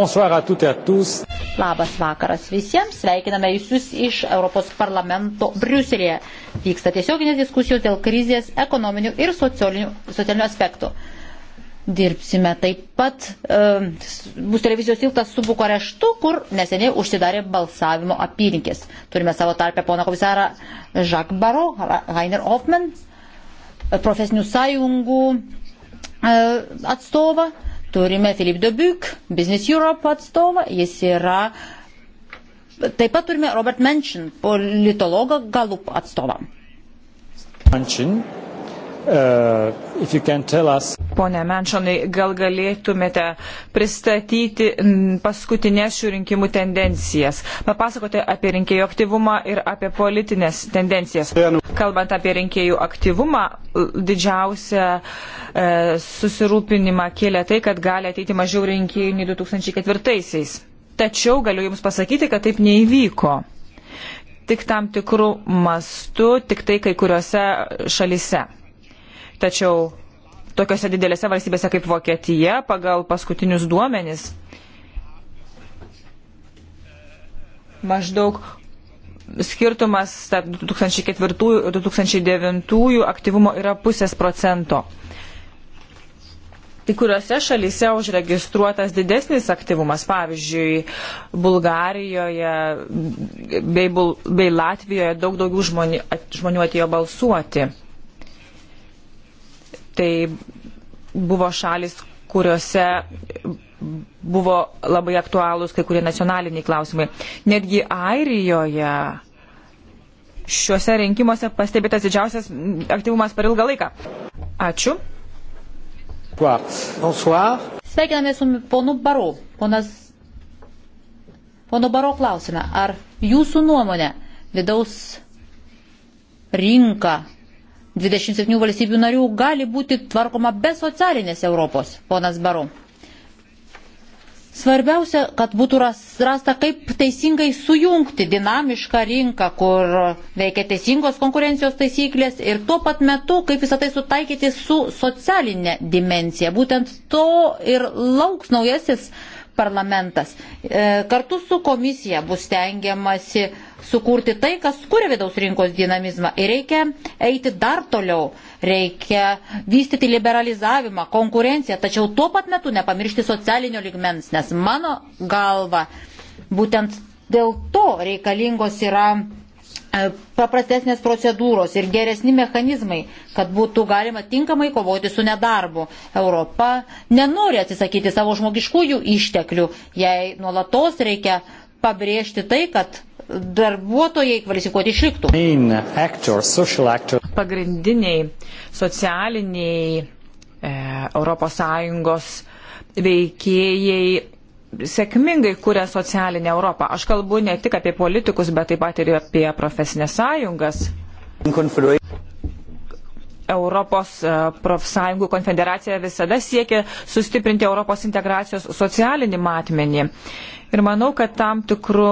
Bonsoir à toutes et à tous. Labas vakaras visiems, sveikiname visus iš Europos parlamento Briuselėje. Vyksta tiesioginės diskusijos dėl krizės ekonominių ir socialinių, socialinių aspektų. Dirbsime taip pat, e, bus televizijos tiltas su Bukareštu, kur neseniai užsidarė balsavimo apylinkės. Turime savo tarpę poną komisarą Jacques Baro, Rainer Hoffman, profesinių sąjungų e, atstovą Turime Filip Dobiuk, Business Europe atstovą, jis yra. Taip pat turime Robert Menšin, politologą Galup atstovą. Menšin Uh, us... Pone Menšonai, gal galėtumėte pristatyti paskutinės šių rinkimų tendencijas, papasakoti apie rinkėjų aktyvumą ir apie politinės tendencijas. Kalbant apie rinkėjų aktyvumą, didžiausia e, susirūpinimą kėlė tai, kad gali ateiti mažiau rinkėjų nei 2004-aisiais. Tačiau galiu Jums pasakyti, kad taip neįvyko tik tam tikrų mastų, tik tai kai kuriuose šalise. Tačiau tokiuose didelėse valstybėse kaip Vokietija pagal paskutinius duomenis maždaug skirtumas tarp 2004 ir 2009 aktyvumo yra pusės procento. Kai kuriuose šalyse užregistruotas didesnis aktyvumas, pavyzdžiui, Bulgarijoje bei, bei Latvijoje daug daugiau žmonių, žmonių atėjo balsuoti tai buvo šalis, kuriuose buvo labai aktualūs kai kurie nacionaliniai klausimai. Netgi Airijoje šiuose rinkimuose pastebėtas didžiausias aktyvumas per ilgą laiką. Ačiū. Sveikiname su ponu Baru. Ponas, pono Baro klausime, ar jūsų nuomonė vidaus rinka 27 valstybių narių gali būti tvarkoma be socialinės Europos, ponas Baru. Svarbiausia, kad būtų rasta, kaip teisingai sujungti dinamišką rinką, kur veikia teisingos konkurencijos taisyklės ir tuo pat metu, kaip visą tai sutaikyti su socialinė dimencija. Būtent to ir lauks naujasis parlamentas. E, kartu su komisija bus tengiamasi sukurti tai, kas kuria vidaus rinkos dinamizmą. Ir reikia eiti dar toliau, reikia vystyti liberalizavimą, konkurenciją, tačiau tuo pat metu nepamiršti socialinio ligmens, nes mano galva būtent dėl to reikalingos yra E, paprastesnės procedūros ir geresni mechanizmai, kad būtų galima tinkamai kovoti su nedarbu. Europa nenori atsisakyti savo žmogiškųjų išteklių, jei nuolatos reikia pabrėžti tai, kad darbuotojai kvalifikuoti išliktų. Actor, actor. Pagrindiniai socialiniai e, ES veikėjai sėkmingai kuria socialinę Europą. Aš kalbu ne tik apie politikus, bet taip pat ir apie profesinės sąjungas. Europos e, profsąjungų konfederacija visada siekia sustiprinti Europos integracijos socialinį matmenį. Ir manau, kad tam tikrų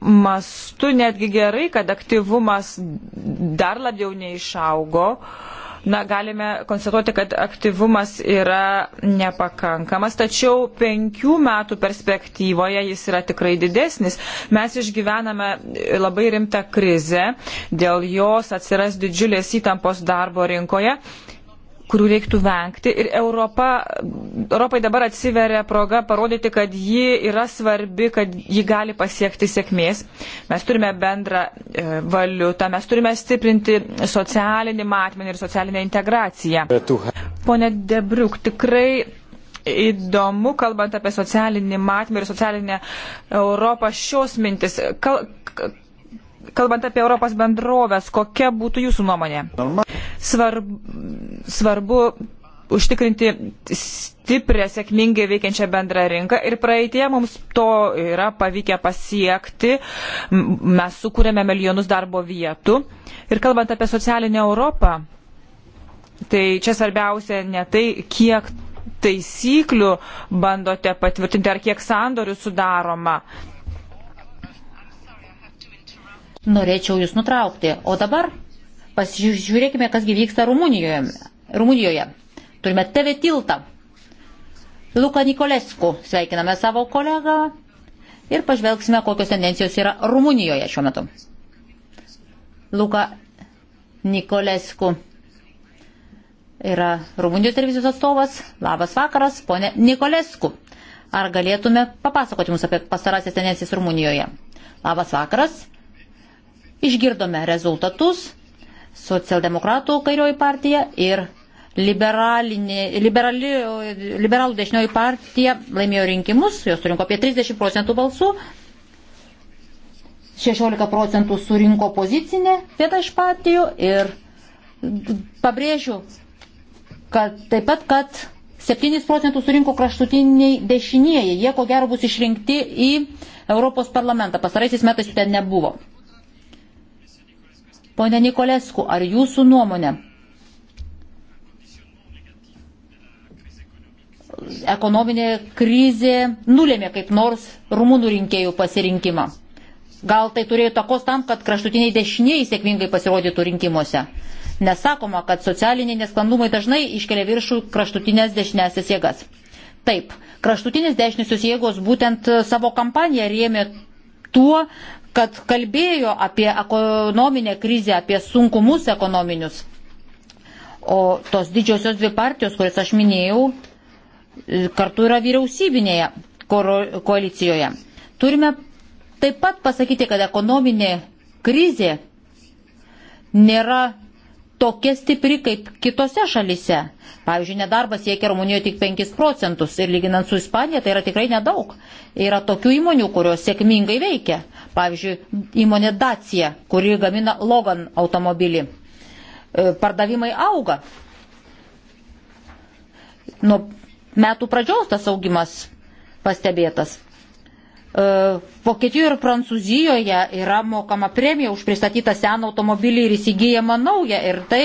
mastų netgi gerai, kad aktyvumas dar labiau neišaugo. Uh, na, galime konstatuoti, kad aktyvumas yra nepakankamas, tačiau penkių metų perspektyvoje jis yra tikrai didesnis. Mes išgyvename labai rimtą krizę, dėl jos atsiras didžiulės įtampos darbo rinkoje kurių reiktų vengti. Ir Europa, Europai dabar atsiveria proga parodyti, kad ji yra svarbi, kad ji gali pasiekti sėkmės. Mes turime bendrą e, valiutą, mes turime stiprinti socialinį matmenį ir socialinę integraciją. Pone Debriuk, tikrai įdomu, kalbant apie socialinį matmę ir socialinę Europą, šios mintis. Kal kalbant apie Europos bendrovės, kokia būtų jūsų nuomonė? Svarb, svarbu užtikrinti stiprią, sėkmingai veikiančią bendrą rinką ir praeitie mums to yra pavykę pasiekti. Mes sukūrėme milijonus darbo vietų. Ir kalbant apie socialinę Europą, tai čia svarbiausia ne tai, kiek taisyklių bandote patvirtinti ar kiek sandorių sudaroma Norėčiau jūs nutraukti. O dabar pasižiūrėkime, kasgi vyksta Rumunijoje. Rumunijoje. Turime TV tiltą. Luka Nikolesku. Sveikiname savo kolegą ir pažvelgsime, kokios tendencijos yra Rumunijoje šiuo metu. Luka Nikolesku yra Rumunijos televizijos atstovas. Labas vakaras, ponė Nikolesku. Ar galėtume papasakoti mums apie pastarąsias tendencijas Rumunijoje? Labas vakaras. Išgirdome rezultatus, socialdemokratų kairioji partija ir liberali, liberalų dešinioji partija laimėjo rinkimus, jos surinko apie 30 procentų balsų, 16 procentų surinko pozicinė viena iš partijų ir pabrėžiu, kad taip pat, kad 7 procentų surinko kraštutiniai dešinieji, jie ko gero bus išrinkti į Europos parlamentą, pastaraisiais metais jų ten nebuvo. Pone Nikolesku, ar jūsų nuomonė ekonominė krizė nulėmė kaip nors rumunų rinkėjų pasirinkimą? Gal tai turėjo takos tam, kad kraštutiniai dešiniai sėkmingai pasirodytų rinkimuose? Nesakoma, kad socialiniai nesklandumai dažnai iškelia viršų kraštutinės dešinėsias jėgas. Taip, kraštutinės dešiniosios jėgos būtent savo kampaniją rėmė tuo, kad kalbėjo apie ekonominę krizę, apie sunkumus ekonominius. O tos didžiosios dvi partijos, kurias aš minėjau, kartu yra vyriausybinėje koalicijoje. Turime taip pat pasakyti, kad ekonominė krizė nėra tokia stipri kaip kitose šalise. Pavyzdžiui, nedarbas siekia Rumunijoje tik 5 procentus ir lyginant su Ispanija tai yra tikrai nedaug. Yra tokių įmonių, kurios sėkmingai veikia. Pavyzdžiui, įmonė Dacia, kuri gamina Logan automobilį. E, pardavimai auga. Nuo metų pradžios tas augimas pastebėtas. E, Vokietijoje ir Prancūzijoje yra mokama premija už pristatytą seną automobilį ir įsigijama nauja ir tai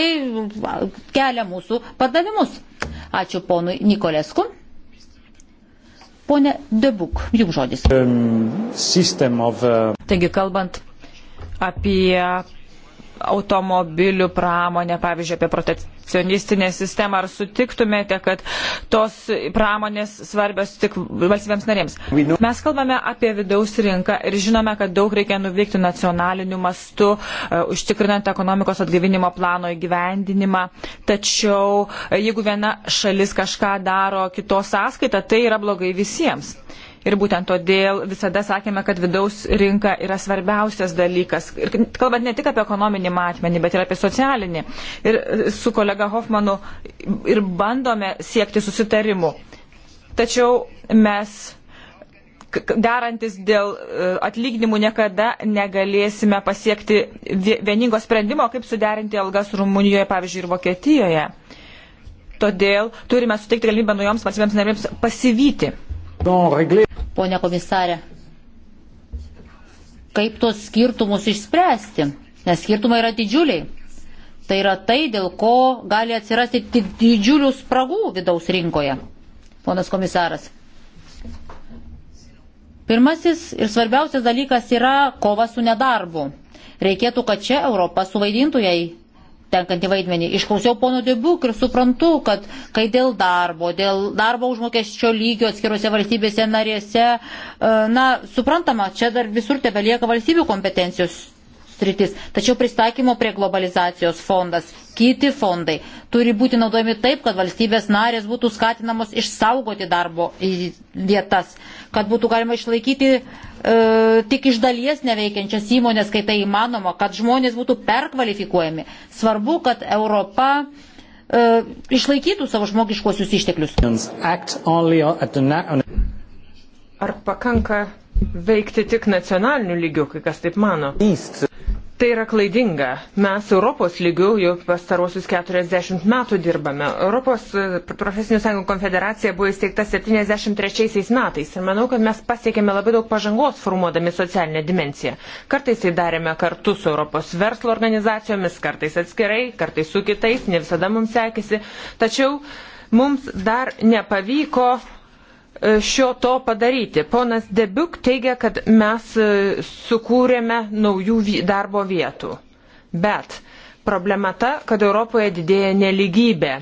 kelia mūsų padavimus. Ačiū ponui Nikolesku. Pone Debuk, jums žodis. Um, of, uh... Taigi kalbant apie automobilių pramonę, pavyzdžiui, apie protekcionistinę sistemą. Ar sutiktumėte, kad tos pramonės svarbios tik valstybėms narėms? Mes kalbame apie vidaus rinką ir žinome, kad daug reikia nuveikti nacionaliniu mastu, e, užtikrinant ekonomikos atgyvinimo plano įgyvendinimą. Tačiau e, jeigu viena šalis kažką daro kitos sąskaitą, tai yra blogai visiems. Ir būtent todėl visada sakėme, kad vidaus rinka yra svarbiausias dalykas. Ir kalbant ne tik apie ekonominį matmenį, bet ir apie socialinį. Ir e, su kolega Hoffmanu ir bandome siekti susitarimų. Tačiau mes derantis dėl e, atlyginimų niekada negalėsime pasiekti vieningo sprendimo, kaip suderinti algas Rumunijoje, pavyzdžiui, ir Vokietijoje. Todėl turime suteikti galimybę naujoms valstybėms narėms pasivyti. Bon, ponia komisarė, kaip tuos skirtumus išspręsti, nes skirtumai yra didžiuliai. Tai yra tai, dėl ko gali atsirasti didžiulių spragų vidaus rinkoje, ponas komisaras. Pirmasis ir svarbiausias dalykas yra kova su nedarbu. Reikėtų, kad čia Europa suvaidintų jai tenkantį vaidmenį. Išklausiau pono Debuk ir suprantu, kad kai dėl darbo, dėl darbo užmokesčio lygio atskiruose valstybėse narėse, e, na, suprantama, čia dar visur tebelieka valstybių kompetencijos sritis. Tačiau pristaikymo prie globalizacijos fondas, kiti fondai turi būti naudojami taip, kad valstybės narės būtų skatinamos išsaugoti darbo vietas kad būtų galima išlaikyti e, tik iš dalies neveikiančias įmonės, kai tai įmanoma, kad žmonės būtų perkvalifikuojami. Svarbu, kad Europa e, išlaikytų savo žmogiškuosius išteklius. Ar pakanka veikti tik nacionaliniu lygiu, kai kas taip mano? East. Tai yra klaidinga. Mes Europos lygių jau pastarosius 40 metų dirbame. Europos e, profesinių sąjungų konfederacija buvo įsteigta 73 metais ir manau, kad mes pasiekėme labai daug pažangos formuodami socialinę dimenciją. Kartais tai darėme kartu su Europos verslo organizacijomis, kartais atskirai, kartais su kitais, ne visada mums sekėsi. Tačiau mums dar nepavyko E, šio to padaryti. Ponas Debiuk teigia, kad mes e, sukūrėme naujų darbo vietų. Bet problema ta, kad Europoje didėja neligybė.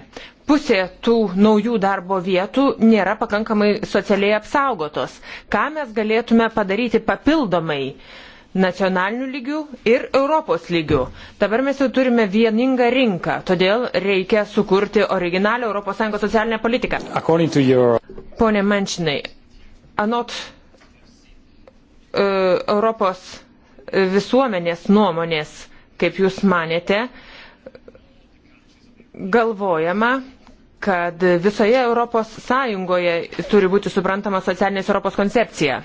Pusė tų naujų darbo vietų nėra pakankamai socialiai apsaugotos. Ką mes galėtume padaryti papildomai? Uh, nacionaliniu lygiu ir Europos lygiu. Dabar mes jau turime vieningą rinką, todėl reikia sukurti originalią ES socialinę politiką. Your... Pone Mančinai, anot uh, Europos visuomenės nuomonės, kaip jūs manėte, galvojama, kad visoje Europos Sąjungoje turi būti suprantama socialinės Europos koncepcija.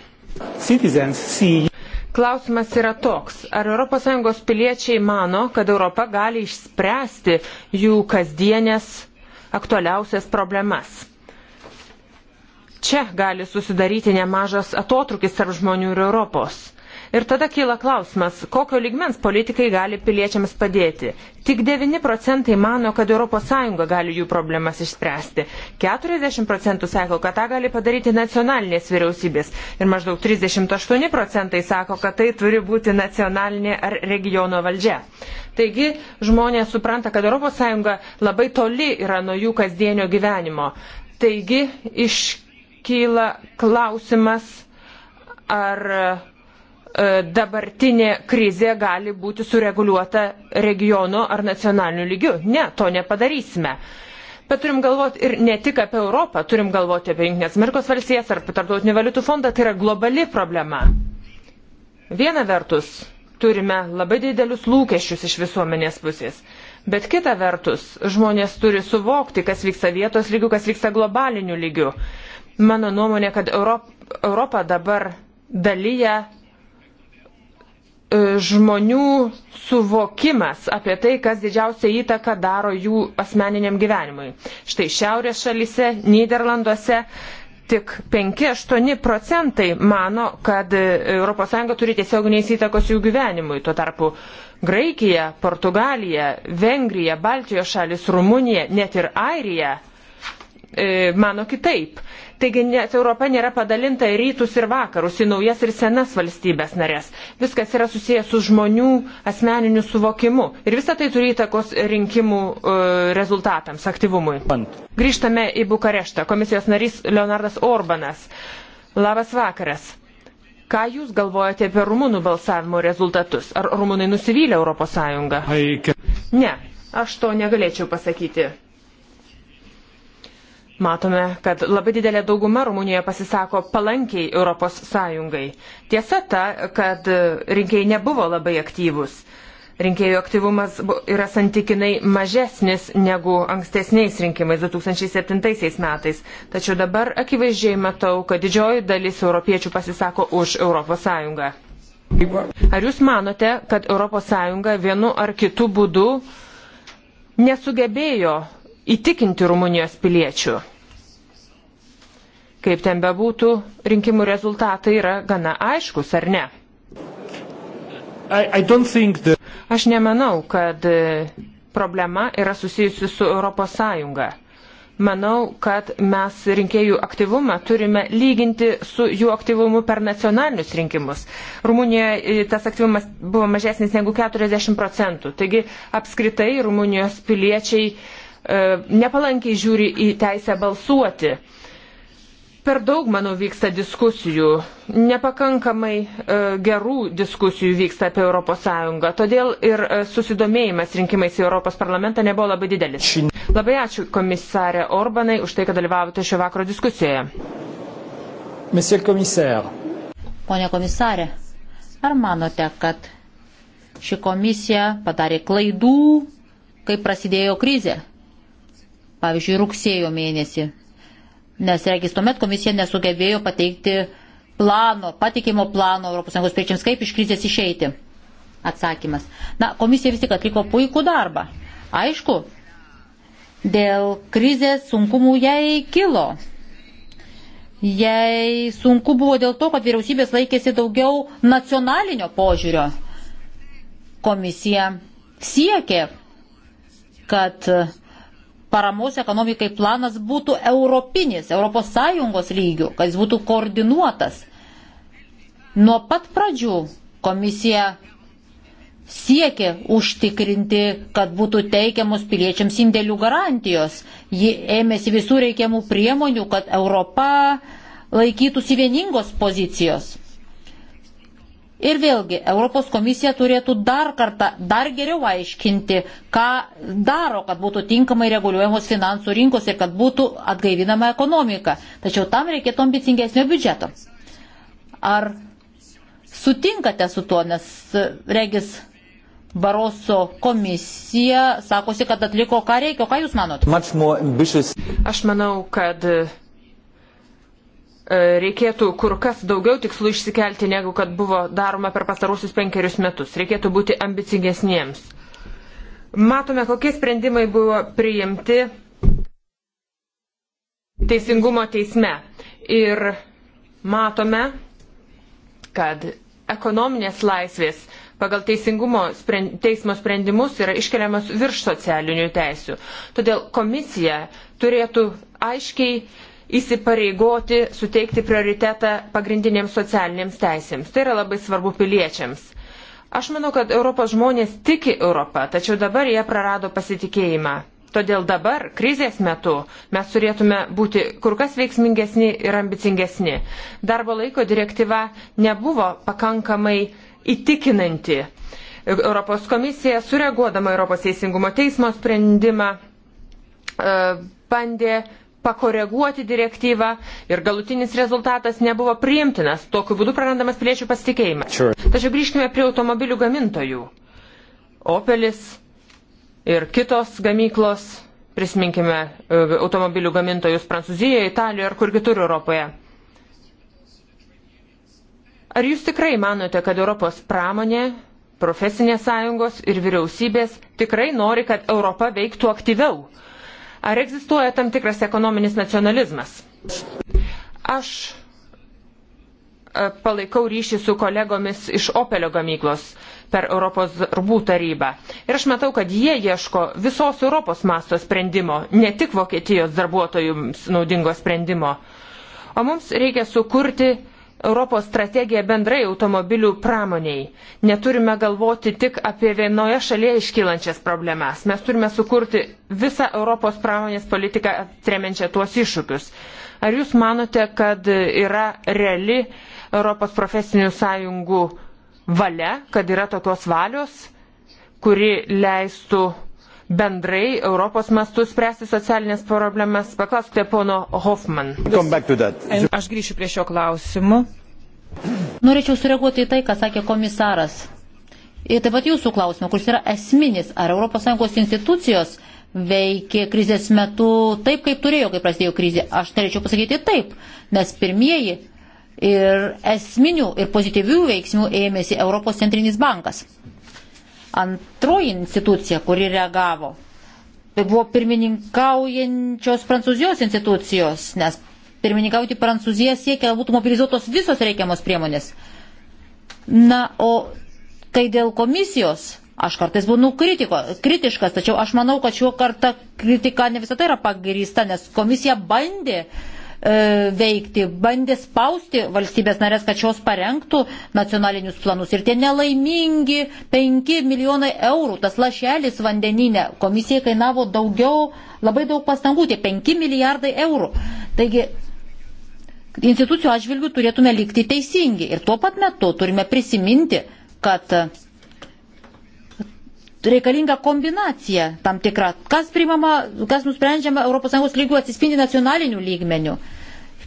Citizens see Klausimas yra toks, ar ES piliečiai mano, kad Europa gali išspręsti jų kasdienės aktualiausias problemas? Čia gali susidaryti nemažas atotrukis tarp žmonių ir Europos. Ir tada kyla klausimas, kokio ligmens politikai gali piliečiams padėti. Tik 9 procentai mano, kad ES gali jų problemas išspręsti. 40 procentų sako, kad tą gali padaryti nacionalinės vyriausybės. Ir maždaug 38 procentai sako, kad tai turi būti nacionalinė ar regiono valdžia. Taigi žmonės supranta, kad ES labai toli yra nuo jų kasdienio gyvenimo. Taigi iškyla klausimas, ar E, dabartinė krizė gali būti sureguliuota regionu ar nacionaliniu lygiu. Ne, to nepadarysime. Bet turim galvoti ir ne tik apie Europą, turim galvoti apie Junktinės Amerikos valstijas ar Tarptautinį valiutų fondą, tai yra globali problema. Viena vertus, turime labai didelius lūkesčius iš visuomenės pusės, bet kita vertus, žmonės turi suvokti, kas vyksta vietos lygių, kas vyksta globaliniu lygiu. Mano nuomonė, kad Europa dabar dalyja E, žmonių suvokimas apie tai, kas didžiausia įtaka daro jų asmeniniam gyvenimui. Štai Šiaurės šalyse, Niderlanduose tik 5-8 procentai mano, kad ES turi tiesioginės įtakos jų gyvenimui. Tuo tarpu Graikija, Portugalija, Vengrija, Baltijos šalis, Rumunija, net ir Airija E, mano kitaip. Taigi net Europa nėra padalinta į rytus ir vakarus, į naujas ir senas valstybės narės. Viskas yra susijęs su žmonių asmeniniu suvokimu. Ir visa tai turi įtakos rinkimų e, rezultatams, aktyvumui. Ant. Grįžtame į Bukareštą. Komisijos narys Leonardas Orbanas. Labas vakaras. Ką Jūs galvojate apie rumunų balsavimo rezultatus? Ar rumunai nusivylė ES? Ne, aš to negalėčiau pasakyti Matome, kad labai didelė dauguma Rumunijoje pasisako palankiai ES. Tiesa ta, kad rinkėjai nebuvo labai aktyvus. Rinkėjų aktyvumas yra santykinai mažesnis negu ankstesniais rinkimais 2007 metais. Tačiau dabar akivaizdžiai matau, kad didžioji dalis europiečių pasisako už ES. Ar jūs manote, kad ES vienu ar kitu būdu nesugebėjo įtikinti Rumunijos piliečių. Kaip ten bebūtų, rinkimų rezultatai yra gana aiškus, ar ne? I, I that... Aš nemanau, kad e, problema yra susijusi su ES. Manau, kad mes rinkėjų aktyvumą turime lyginti su jų aktyvumu per nacionalinius rinkimus. Rumunijoje e, tas aktyvumas buvo mažesnis negu 40 procentų. Taigi apskritai Rumunijos piliečiai uh, E, nepalankiai žiūri į teisę balsuoti. Per daug, manau, vyksta diskusijų, nepakankamai e, gerų diskusijų vyksta apie ES, todėl ir e, susidomėjimas rinkimais į Europos parlamentą nebuvo labai didelis. Labai ačiū komisarė Orbanai už tai, kad dalyvavote šio vakaro diskusijoje. Pone komisarė, ar manote, kad ši komisija padarė klaidų, kai prasidėjo krizė? pavyzdžiui, rugsėjo mėnesį. Nes, regis, tuomet komisija nesugebėjo pateikti plano, patikimo plano ES priečiams, kaip iš krizės išeiti. Atsakymas. Na, komisija vis tik atliko puikų darbą. Aišku, dėl krizės sunkumų jai kilo. Jei sunku buvo dėl to, kad vyriausybės laikėsi daugiau nacionalinio požiūrio, komisija siekė, kad uh, paramos ekonomikai planas būtų europinis, ES lygių, kad jis būtų koordinuotas. Nuo pat pradžių komisija siekė užtikrinti, kad būtų teikiamos piliečiams indėlių garantijos. Ji ėmėsi visų reikiamų priemonių, kad Europa laikytųsi vieningos pozicijos. Ir vėlgi, Europos komisija turėtų dar kartą, dar geriau aiškinti, ką daro, kad būtų tinkamai reguliuojamos finansų rinkos ir kad būtų atgaivinama ekonomika. Tačiau tam reikėtų ambicingesnio biudžeto. Ar sutinkate su tuo, nes regis Baroso komisija sakosi, kad atliko ką reikia, o ką jūs manot? Aš manau, kad E, reikėtų kur kas daugiau tikslų išsikelti, negu kad buvo daroma per pastarusius penkerius metus. Reikėtų būti ambicingesniems. Matome, kokie sprendimai buvo priimti teisingumo teisme. Ir matome, kad ekonominės laisvės pagal teisingumo sprend, teismo sprendimus yra iškeliamas virš socialinių teisių. Todėl komisija turėtų aiškiai įsipareigoti suteikti prioritetą pagrindinėms socialinėms teisėms. Tai yra labai svarbu piliečiams. Aš manau, kad Europos žmonės tiki Europą, tačiau dabar jie prarado pasitikėjimą. Todėl dabar, krizės metu, mes turėtume būti kur kas veiksmingesni ir ambicingesni. Darbo laiko direktyva nebuvo pakankamai įtikinanti. Europos komisija, sureaguodama Europos teisingumo teismo sprendimą, e, bandė pakoreguoti direktyvą ir galutinis rezultatas nebuvo priimtinas. Tokiu būdu prarandamas piliečių pasitikėjimas. Sure. Tačiau grįžkime prie automobilių gamintojų. Opelis ir kitos gamyklos, prisiminkime e, automobilių gamintojus Prancūzijoje, Italijoje ir kur kitur Europoje. Ar jūs tikrai manote, kad Europos pramonė, profesinės sąjungos ir vyriausybės tikrai nori, kad Europa veiktų aktyviau? Ar egzistuoja tam tikras ekonominis nacionalizmas? Aš e, palaikau ryšį su kolegomis iš Opelio gamyklos per Europos darbų tarybą. Ir aš matau, kad jie ieško visos Europos masto sprendimo, ne tik Vokietijos darbuotojams naudingo sprendimo. O mums reikia sukurti Europos strategiją bendrai automobilių pramoniai. Neturime galvoti tik apie vienoje šalyje iškylančias problemas. Mes turime sukurti visą Europos pramonės politiką atremenčią tuos iššūkius. Ar jūs manote, kad yra reali Europos profesinių sąjungų valia, kad yra tokios valios, kuri leistų bendrai Europos mastu spręsti socialinės problemas? Paklauskite pono Hoffman. Aš grįšiu prie šio klausimo. Norėčiau sureaguoti į tai, ką sakė komisaras. Ir taip pat jūsų klausimą, kuris yra esminis, ar ES institucijos veikė krizės metu taip, kaip turėjo, kai prasidėjo krizė. Aš norėčiau pasakyti taip, nes pirmieji ir esminių ir pozityvių veiksmų ėmėsi Europos centrinis bankas antroji institucija, kuri reagavo, tai buvo pirmininkaujančios Prancūzijos institucijos, nes pirmininkauti Prancūzija siekia, būtų mobilizuotos visos reikiamos priemonės. Na, o kai dėl komisijos, aš kartais būnu kritiko, kritiškas, tačiau aš manau, kad šiuo kartą kritika ne visada yra pagrįsta, nes komisija bandė uh, E, veikti, bandė spausti valstybės narės, kad šios parengtų nacionalinius planus. Ir tie nelaimingi 5 milijonai eurų, tas lašelis vandeninė, komisijai kainavo daugiau, labai daug pastangų, tie 5 milijardai eurų. Taigi, institucijų atžvilgių turėtume likti teisingi ir tuo pat metu turime prisiminti, kad reikalinga kombinacija tam tikra, kas primama, kas nusprendžiama ES lygių atsispindi nacionalinių lygmenių.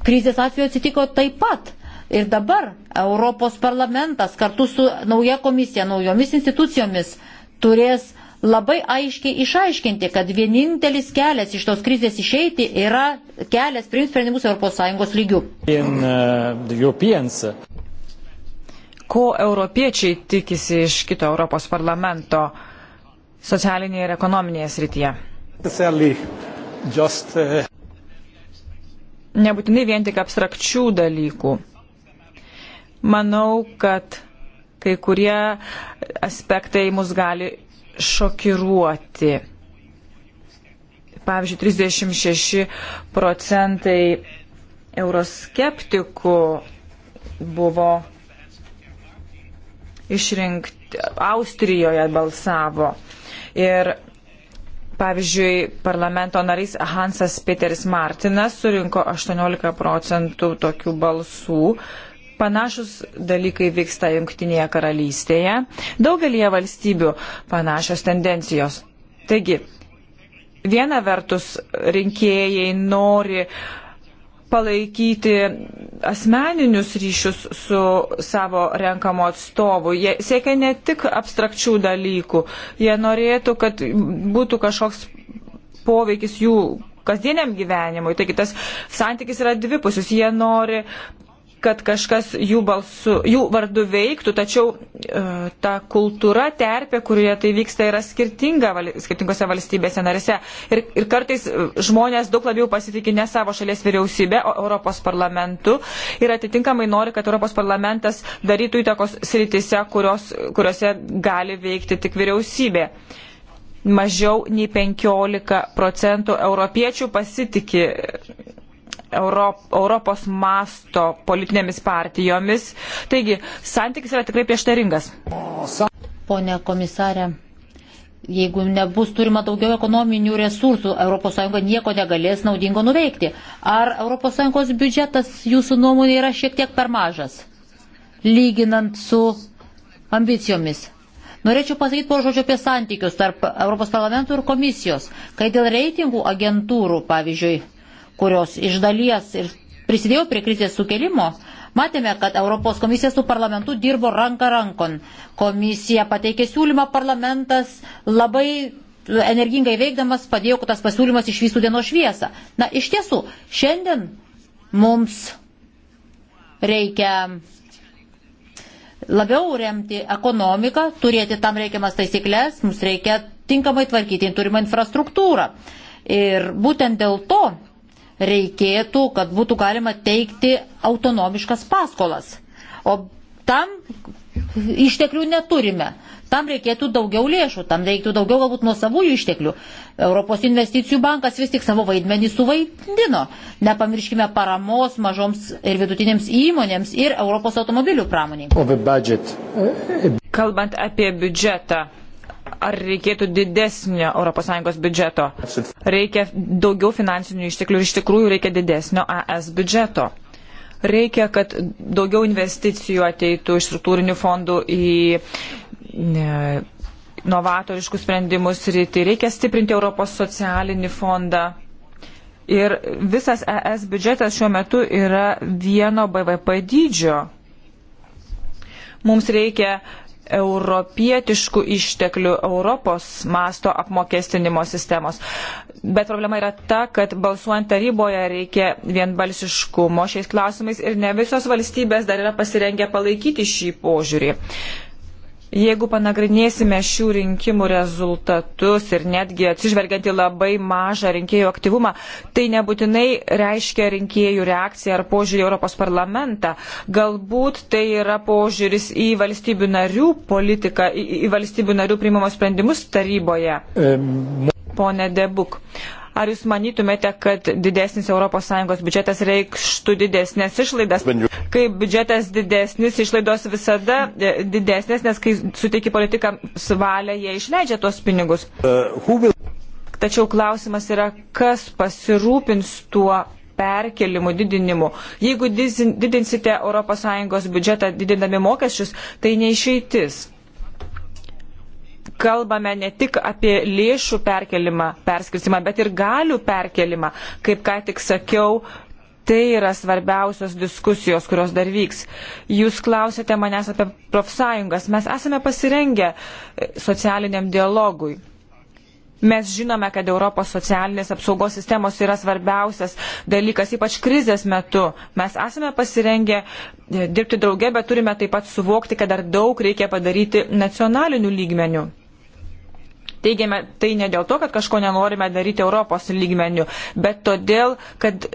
Krizės atveju atsitiko taip pat. Ir dabar Europos parlamentas kartu su nauja komisija, naujomis institucijomis turės labai aiškiai išaiškinti, kad vienintelis kelias iš tos krizės išeiti yra kelias priimti sprendimus ES lygių. In, uh, Ko europiečiai tikisi iš kito Europos parlamento? Uh, socialinėje ir ekonominėje srityje. Uh, Nebūtinai vien tik abstrakčių dalykų. Manau, kad kai kurie aspektai mus gali šokiruoti. Pavyzdžiui, 36 procentai euroskeptikų buvo išrinkti, Austrijoje balsavo. Ir pavyzdžiui, parlamento narys Hansas Peteris Martinas surinko 18 procentų tokių balsų. Panašus dalykai vyksta Junktinėje karalystėje. Daugelie valstybių panašios tendencijos. Taigi, viena vertus rinkėjai nori uh, palaikyti asmeninius ryšius su savo renkamu atstovu. Jie siekia ne tik abstrakčių dalykų, jie norėtų, kad būtų kažkoks poveikis jų kasdieniam gyvenimui. Taigi tas santykis yra dvipusis. Jie nori kad kažkas jų, balsu, jų vardu veiktų, tačiau e, ta kultūra, terpė, kurioje tai vyksta, yra skirtinga val, skirtingose valstybėse narise. Ir, ir kartais e, žmonės daug labiau pasitikė ne savo šalies vyriausybė, o Europos parlamentu. Ir atitinkamai nori, kad Europos parlamentas darytų įtakos sritise, kurios, kuriuose gali veikti tik vyriausybė. Mažiau nei 15 procentų europiečių pasitikė Europos masto politinėmis partijomis. Taigi, santykis yra tikrai prieštaringas. Pone komisarė, jeigu nebus turima daugiau ekonominių resursų, ES nieko negalės naudingo nuveikti. Ar ES biudžetas jūsų nuomonė yra šiek tiek per mažas, lyginant su ambicijomis? Norėčiau pasakyti po žodžio apie santykius tarp Europos parlamento ir komisijos, kai dėl reitingų agentūrų, pavyzdžiui, kurios iš dalies ir prisidėjo prie krizės sukelimo, matėme, kad Europos komisija su parlamentu dirbo ranka rankon. Komisija pateikė siūlymą, parlamentas labai energingai veikdamas padėjo, kad tas pasiūlymas išvystų dienos šviesą. Na, iš tiesų, šiandien mums reikia labiau remti ekonomiką, turėti tam reikiamas taisyklės, mums reikia tinkamai tvarkyti turimą infrastruktūrą. Ir būtent dėl to reikėtų, kad būtų galima teikti autonomiškas paskolas. O tam išteklių neturime. Tam reikėtų daugiau lėšų, tam reikėtų daugiau galbūt nuo savųjų išteklių. Europos investicijų bankas vis tik savo vaidmenį suvaidino. Nepamirškime paramos mažoms ir vidutinėms įmonėms ir Europos automobilių pramoniai. Kalbant apie biudžetą, ar reikėtų didesnio ES biudžeto. Reikia daugiau finansinių išteklių ir iš tikrųjų reikia didesnio AS biudžeto. Reikia, kad daugiau investicijų ateitų iš struktūrinių fondų į ne, novatoriškų sprendimų sritį. Reikia stiprinti Europos socialinį fondą. Ir visas ES biudžetas šiuo metu yra vieno BVP dydžio mums reikia europietiškų išteklių Europos masto apmokestinimo sistemos. Bet problema yra ta, kad balsuojant taryboje reikia vienbalsiškumo šiais klausimais ir ne visos valstybės dar yra pasirengę palaikyti šį požiūrį. Jeigu panagrinėsime šių rinkimų rezultatus ir netgi atsižvelgiant į labai mažą rinkėjų aktyvumą, tai nebūtinai reiškia rinkėjų reakciją ar požiūrį į Europos parlamentą. Galbūt tai yra požiūris į valstybių narių politiką, į, į valstybių narių priimamos sprendimus taryboje. Pone Debuk. Ar jūs manytumėte, kad didesnis ES biudžetas reikštų didesnės išlaidas? kai biudžetas didesnis, išlaidos visada e, didesnės, nes kai suteiki politikams valią, jie išleidžia tuos pinigus. Tačiau klausimas yra, kas pasirūpins tuo perkelimu, didinimu. Jeigu didinsite ES biudžetą didindami mokesčius, tai neišeitis kalbame ne tik apie lėšų perkelimą, perskirstimą, bet ir galių perkelimą. Kaip ką tik sakiau, tai yra svarbiausios diskusijos, kurios dar vyks. Jūs klausėte manęs apie profsąjungas. Mes esame pasirengę e, socialiniam dialogui. Mes žinome, kad Europos socialinės apsaugos sistemos yra svarbiausias dalykas, ypač krizės metu. Mes esame pasirengę e, dirbti drauge, bet turime taip pat suvokti, kad dar daug reikia padaryti nacionaliniu lygmeniu teigiame tai ne dėl to, kad kažko nenorime daryti Europos lygmenių, bet todėl, kad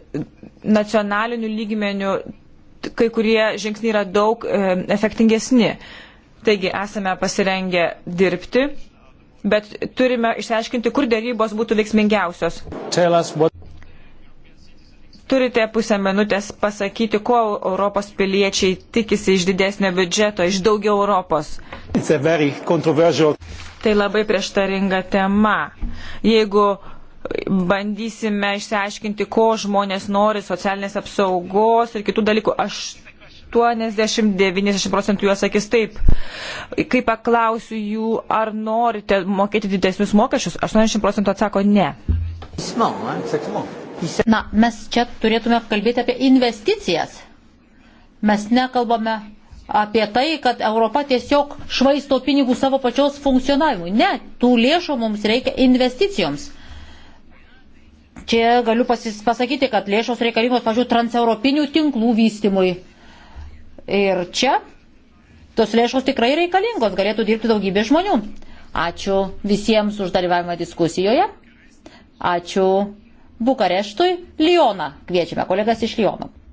nacionaliniu lygmeniu kai kurie žingsniai yra daug e, efektingesni. Taigi esame pasirengę dirbti, bet turime išsiaiškinti, kur dėrybos būtų veiksmingiausios. Turite pusę minutės pasakyti, ko Europos piliečiai tikisi iš didesnio biudžeto, iš daugiau Europos. It's a very controversial tai labai prieštaringa tema. Jeigu bandysime išsiaiškinti, ko žmonės nori, socialinės apsaugos ir kitų dalykų, aš 80-90 procentų juos sakys taip. Kai paklausiu jų, ar norite mokėti didesnius mokesčius, 80 procentų atsako ne. Na, mes čia turėtume kalbėti apie investicijas. Mes nekalbame apie tai, kad Europa tiesiog švaisto pinigų savo pačios funkcionavimui. Ne, tų lėšų mums reikia investicijoms. Čia galiu pasis, pasakyti, kad lėšos reikalingos, pažiūrėjau, transeuropinių tinklų vystimui. Ir čia tos lėšos tikrai reikalingos, galėtų dirbti daugybė žmonių. Ačiū visiems už dalyvavimą diskusijoje. Ačiū Bukareštui. Lioną kviečiame, kolegas iš Liono.